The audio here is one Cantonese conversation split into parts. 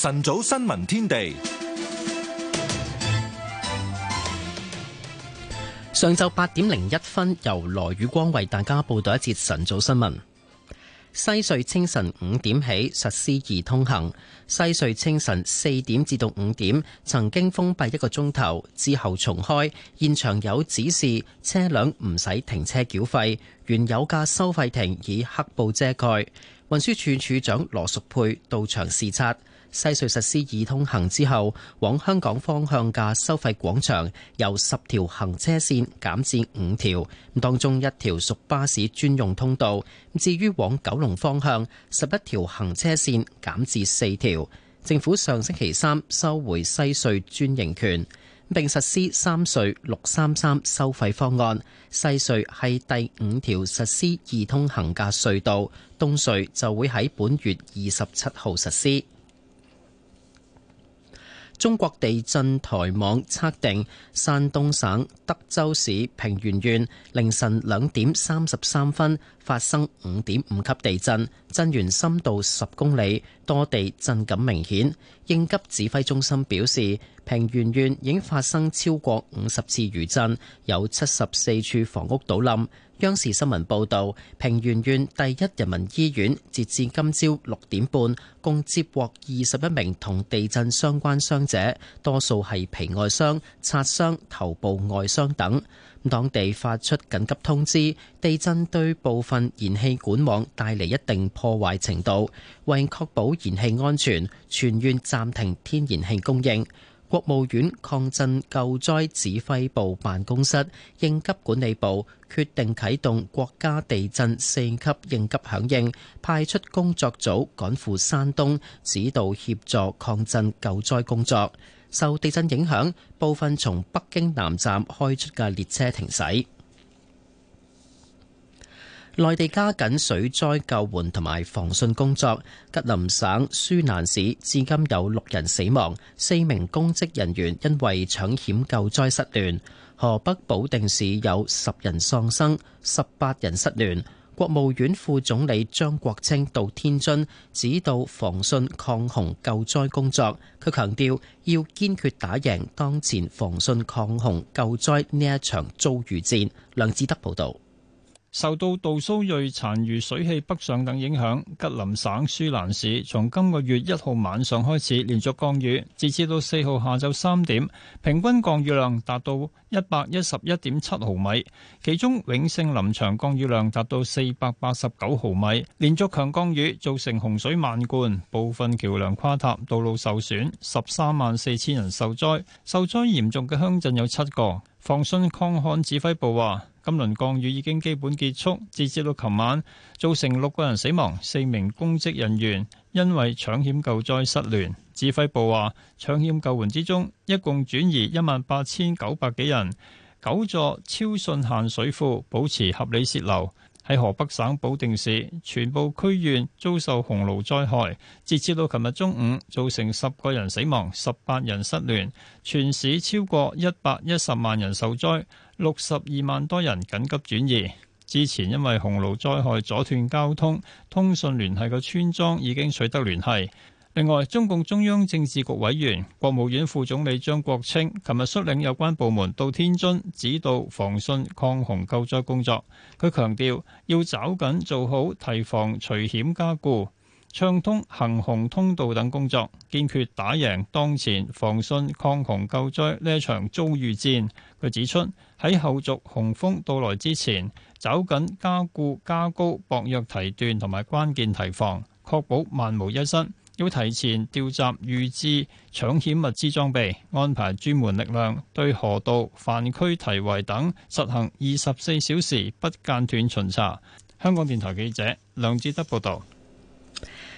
晨早新聞天地，上晝八點零一分，由羅宇光為大家報道一節晨早新聞。西隧清晨五點起實施易通行，西隧清晨四點至到五點曾經封閉一個鐘頭之後重開。現場有指示，車輛唔使停車繳費。原有架收費亭以黑布遮蓋。運輸署署長羅淑佩到場視察。西隧實施易通行之後，往香港方向嘅收費廣場由十條行車線減至五條，當中一條屬巴士專用通道。至於往九龍方向，十一條行車線減至四條。政府上星期三收回西隧專營權，並實施三隧六三三收費方案。西隧係第五條實施易通行嘅隧道，東隧就會喺本月二十七號實施。中國地震台網測定，山東省德州市平原縣凌晨兩點三十三分發生五點五級地震，震源深度十公里，多地震感明顯。應急指揮中心表示，平原縣已經發生超過五十次餘震，有七十四處房屋倒冧。央視新聞報道，平原縣第一人民醫院截至今朝六點半，共接獲二十一名同地震相關傷者，多數係皮外傷、擦傷、頭部外傷等。當地發出緊急通知，地震對部分燃氣管網帶嚟一定破壞程度，為確保燃氣安全，全院暫停天然氣供應。國務院抗震救災指揮部辦公室、應急管理部決定啟動國家地震四級應急響應，派出工作組趕赴山東，指導協助抗震救災工作。受地震影響，部分從北京南站開出嘅列車停駛。內地加緊水災救援同埋防汛工作。吉林省舒蘭市至今有六人死亡，四名公職人員因為搶險救災失聯。河北保定市有十人喪生，十八人失聯。國務院副總理張國清到天津指導防汛抗洪救災工作。佢強調要堅決打贏當前防汛抗洪救災呢一場遭遇戰。梁志德報導。受到杜蘇芮殘餘水汽北上等影響，吉林省舒蘭市，從今個月一號晚上開始連續降雨，直至到四號下晝三點，平均降雨量達到一百一十一點七毫米，其中永勝林場降雨量達到四百八十九毫米，連續強降雨造成洪水漫灌，部分橋樑垮塌，道路受損，十三萬四千人受災，受災嚴重嘅鄉鎮有七個，防汛抗旱指揮部話。今輪降雨已經基本結束，截至到琴晚，造成六個人死亡，四名公職人員因為搶險救災失聯。指揮部話，搶險救援之中，一共轉移一萬八千九百幾人，九座超汛限水庫保持合理洩流。喺河北省保定市全部區縣遭受洪澇災害，截至到琴日中午，造成十個人死亡、十八人失聯，全市超過一百一十萬人受災，六十二萬多人緊急轉移。之前因為洪澇災害阻斷交通、通訊聯繫嘅村莊已經取得聯繫。另外，中共中央政治局委員、國務院副總理張國清琴日率領有關部門到天津指導防汛抗洪救災工作。佢強調要抓緊做好堤防除險加固、暢通行洪通道等工作，堅決打贏當前防汛抗洪救災呢一場遭遇戰。佢指出喺後續洪峰到來之前，抓緊加固加高薄弱堤段同埋關鍵堤防，確保萬無一失。要提前調集預置搶險物資裝備，安排專門力量對河道、範區堤圍等實行二十四小時不間斷巡查。香港電台記者梁志德報道。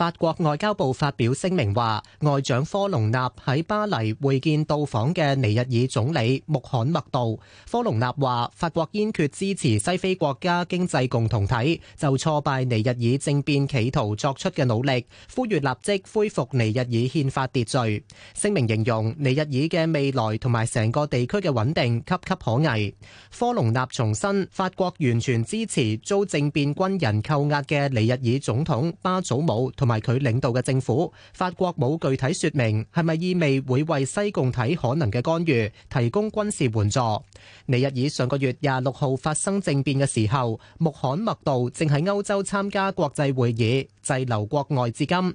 法國外交部發表聲明話，外長科隆納喺巴黎會見到訪嘅尼日爾總理穆罕默杜。科隆納話，法國堅決支持西非國家經濟共同體，就挫敗尼日爾政變企圖作出嘅努力，呼籲立即恢復尼日爾憲法秩序。聲明形容尼日爾嘅未來同埋成個地區嘅穩定岌岌可危。科隆納重申，法國完全支持遭政變軍人扣押嘅尼日爾總統巴祖姆同同佢領導嘅政府，法國冇具體說明係咪意味會為西共體可能嘅干預提供軍事援助。尼日爾上個月廿六號發生政變嘅時候，穆罕默杜正喺歐洲參加國際會議，滯留國外至今。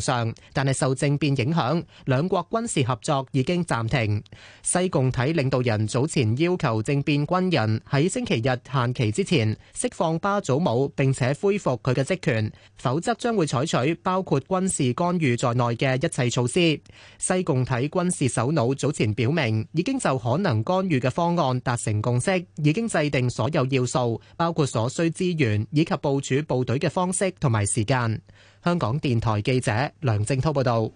上，但係受政變影響，兩國軍事合作已經暫停。西共體領導人早前要求政變軍人喺星期日限期之前釋放巴祖姆，並且恢復佢嘅職權，否則將會採取包括軍事干預在內嘅一切措施。西共體軍事首腦早前表明已經就可能干預嘅方案達成共識，已經製定所有要素，包括所需資源以及部署部隊嘅方式同埋時間。香港電台記者梁正濤報道，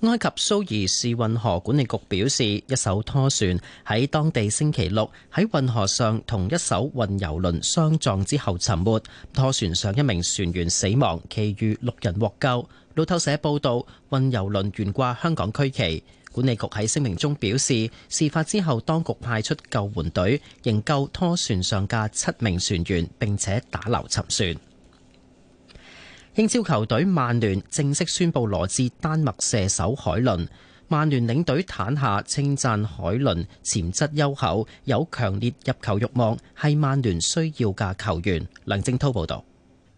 埃及蘇伊士運河管理局表示，一艘拖船喺當地星期六喺運河上同一艘運油輪相撞之後沉沒，拖船上一名船員死亡，其餘六人獲救。路透社報道，運油輪懸掛香港區旗。管理局喺聲明中表示，事發之後，當局派出救援隊營救拖船上嘅七名船員，並且打撈沉船。英超球隊曼聯正式宣布羅致丹麥射手海倫。曼聯領隊坦下稱讚海倫潛質優厚，有強烈入球慾望，係曼聯需要嘅球員。梁正濤報道。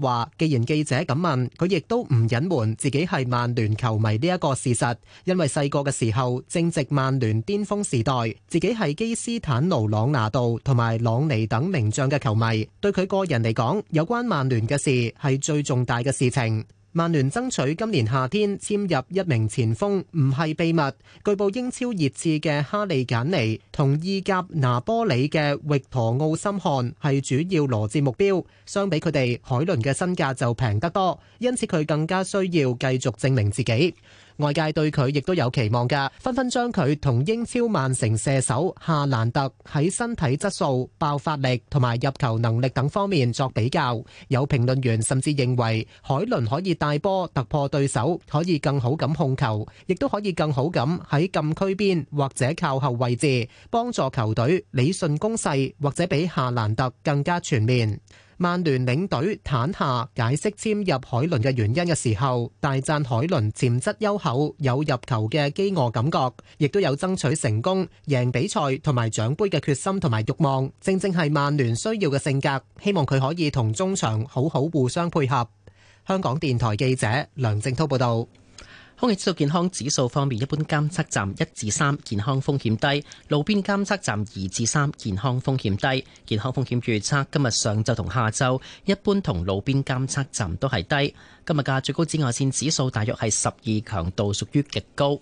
話既然記者咁問，佢亦都唔隱瞞自己係曼聯球迷呢一個事實，因為細個嘅時候正值曼聯巔峰時代，自己係基斯坦奴·朗拿度同埋朗尼等名將嘅球迷。對佢個人嚟講，有關曼聯嘅事係最重大嘅事情。曼聯爭取今年夏天簽入一名前鋒唔係秘密，據報英超熱刺嘅哈利簡尼同意甲拿波里嘅域陀奧森漢係主要羅致目標。相比佢哋，海倫嘅身價就平得多，因此佢更加需要繼續證明自己。外界對佢亦都有期望嘅紛紛將佢同英超曼城射手夏蘭特喺身體質素爆發力同埋入球能力等方面作比較有評論員甚至認為海倫可以帶波突破對手可以更好咁控球亦都可以更好咁喺禁區邊或者靠後位置幫助球隊理順攻勢或者比夏蘭特更加全面曼聯領隊坦下解釋簽入海倫嘅原因嘅時候，大讚海倫潛質優厚，有入球嘅飢餓感覺，亦都有爭取成功、贏比賽同埋獎杯嘅決心同埋慾望，正正係曼聯需要嘅性格。希望佢可以同中場好好互相配合。香港電台記者梁正滔報道。空氣指數健康指數方面，一般監測站一至三，健康風險低；路邊監測站二至三，健康風險低。健康風險預測今日上晝同下晝，一般同路邊監測站都係低。今日嘅最高紫外線指數大約係十二，強度屬於極高。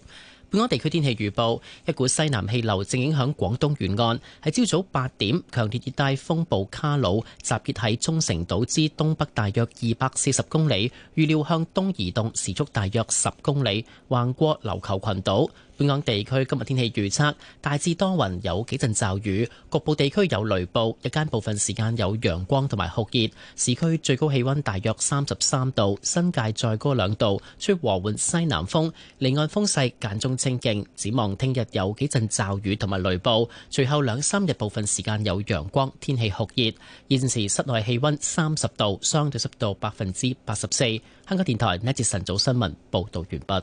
本港地區天氣預報：一股西南氣流正影響廣東沿岸。喺朝早八點，強烈熱帶風暴卡努集結喺中城島之東北大約二百四十公里，預料向東移動，時速大約十公里，橫過琉球群島。本港地區今日天氣預測，大致多雲，有幾陣驟雨，局部地區有雷暴，日間部分時間有陽光同埋酷熱。市區最高氣溫大約三十三度，新界再高兩度。吹和緩西南風，離岸風勢間中清勁。展望聽日有幾陣驟雨同埋雷暴，隨後兩三日部分時間有陽光，天氣酷熱。現時室內氣溫三十度，相對濕度百分之八十四。香港電台呢節晨早新聞報道完畢。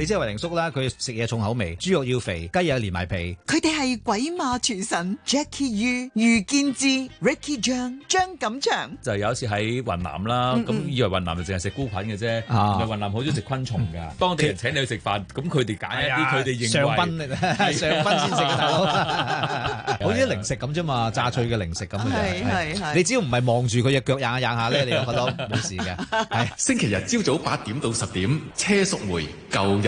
你知阿維靈叔啦，佢食嘢重口味，豬肉要肥，雞又連埋皮。佢哋係鬼馬廚神，Jackie Yu、余建志、Ricky 張張錦祥。就有一次喺雲南啦，咁以為雲南就淨係食菇菌嘅啫，唔係雲南好中意食昆蟲噶。當地人請你去食飯，咁佢哋揀啲，佢哋認為上賓，上賓先食。大佬，好似啲零食咁啫嘛，炸脆嘅零食咁嘅嘢。你只要唔係望住佢隻腳，踩下踩下咧，你就覺得冇事嘅。係星期日朝早八點到十點，車淑梅舊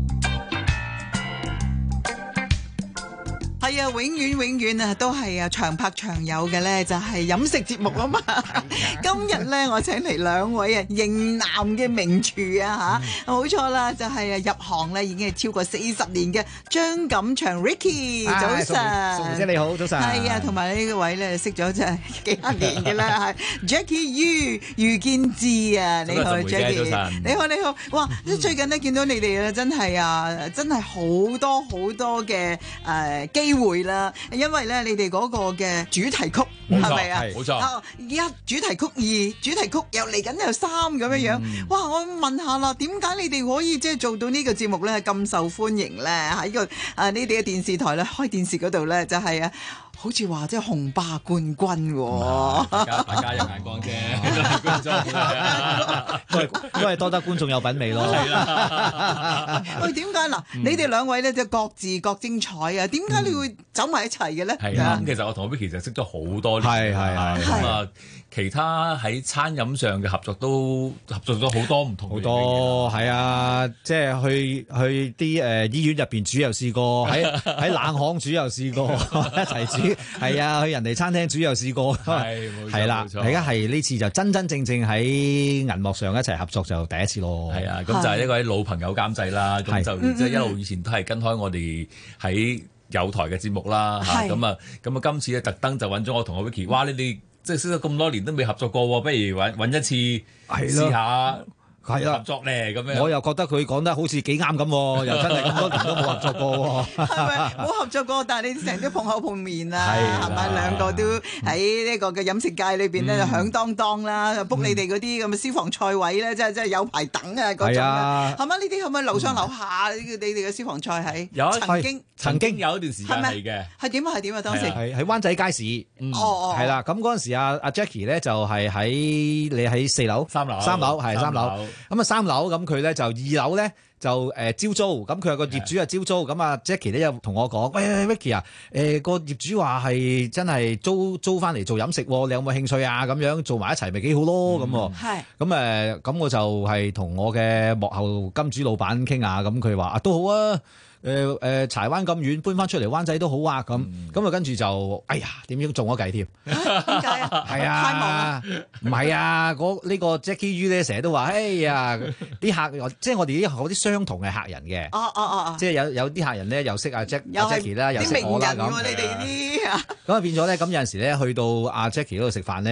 永遠永遠啊，都係啊長拍長有嘅咧，就係飲食節目啊嘛。今日咧，我請嚟兩位啊型男嘅名廚啊吓，冇錯啦，就係啊入行咧已經係超過四十年嘅張錦祥 Ricky，早晨，蘇賢生你好，早晨，係啊，同埋呢位咧識咗真係幾多年嘅啦，Jackie Yu，余建志啊，你好 Jackie，你好你好，哇，即係最近咧見到你哋啊，真係啊，真係好多好多嘅誒機會。會啦，因為咧你哋嗰個嘅主題曲係咪啊？冇錯，一主題曲，二主題曲，題曲又嚟緊又三咁樣樣。哇！我問下啦，點解你哋可以即係做到個節呢個節目咧咁受歡迎咧？喺個啊呢啲嘅電視台咧開電視嗰度咧就係、是、啊。好似話即係紅霸冠軍喎、哦，大、嗯、家有眼光嘅，多謝觀眾，因為多得觀眾有品味咯、啊。 對了 喂，點解嗱？嗯、你哋兩位咧就各自各精彩啊？點解你會走埋一齊嘅咧？係啊、嗯，咁其實我同阿 B 其實識咗好多年、啊，係係咁啊，其他喺餐飲上嘅合作都合作咗好多唔同好、啊、多係啊，即係去去啲誒、呃、醫院入邊煮又試過，喺喺冷巷煮又試過，一齊煮。係 啊，去人哋餐廳煮又試過，係啦，而家係呢次就真真正正喺銀幕上一齊合作就第一次咯。係啊，咁就係呢位老朋友監製啦，咁、啊、就即係一路以前都係跟開我哋喺友台嘅節目啦嚇，咁啊，咁啊，啊嗯、今次咧特登就揾咗我同阿 Vicky，哇，你哋即係識咗咁多年都未合作過，不如揾揾一次試一下、啊。係啦，合作咧咁樣。我又覺得佢講得好似幾啱咁，又真係咁多年都冇合作過喎。係咪冇合作過？但係你成日都碰口碰面啊，係咪兩個都喺呢個嘅飲食界裏邊咧就響當當啦？book 你哋嗰啲咁嘅私房菜位咧，真係真係有排等啊！嗰種係啊，係咪呢啲係咪樓上樓下？你你哋嘅私房菜係有一段曾經曾經有一段時間嚟嘅，係點啊？係點啊？當時係喺灣仔街市。哦哦，係啦。咁嗰陣時，阿阿 Jackie 咧就係喺你喺四樓、三樓、三樓係三樓。咁啊三樓，咁佢咧就二樓咧就誒招、呃、租，咁佢個業主啊招租，咁啊的 Jackie 咧又同我講，的喂 Vicky 啊，誒、呃、個業主話係真係租租翻嚟做飲食，你有冇興趣啊？咁樣做埋一齊咪幾好咯？咁、嗯，係，咁誒，咁、呃、我就係同我嘅幕後金主老闆傾下，咁佢話啊都好啊。誒誒、呃呃，柴灣咁遠搬翻出嚟，灣仔都好啊。咁咁啊跟住就哎呀點樣中咗計添？點解？係啊，啊，唔係啊，嗰、這個、呢個 Jacky U 咧成日都話哎呀啲客，即係我哋啲啲相同嘅客人嘅，、哦。哦哦哦哦，即係有有啲客人咧又識阿 Jack 阿 Jacky 啦，又識、啊、又名人喎、啊、你哋啲。咁啊 變咗咧，咁有陣時咧去到阿 Jacky 度食飯咧。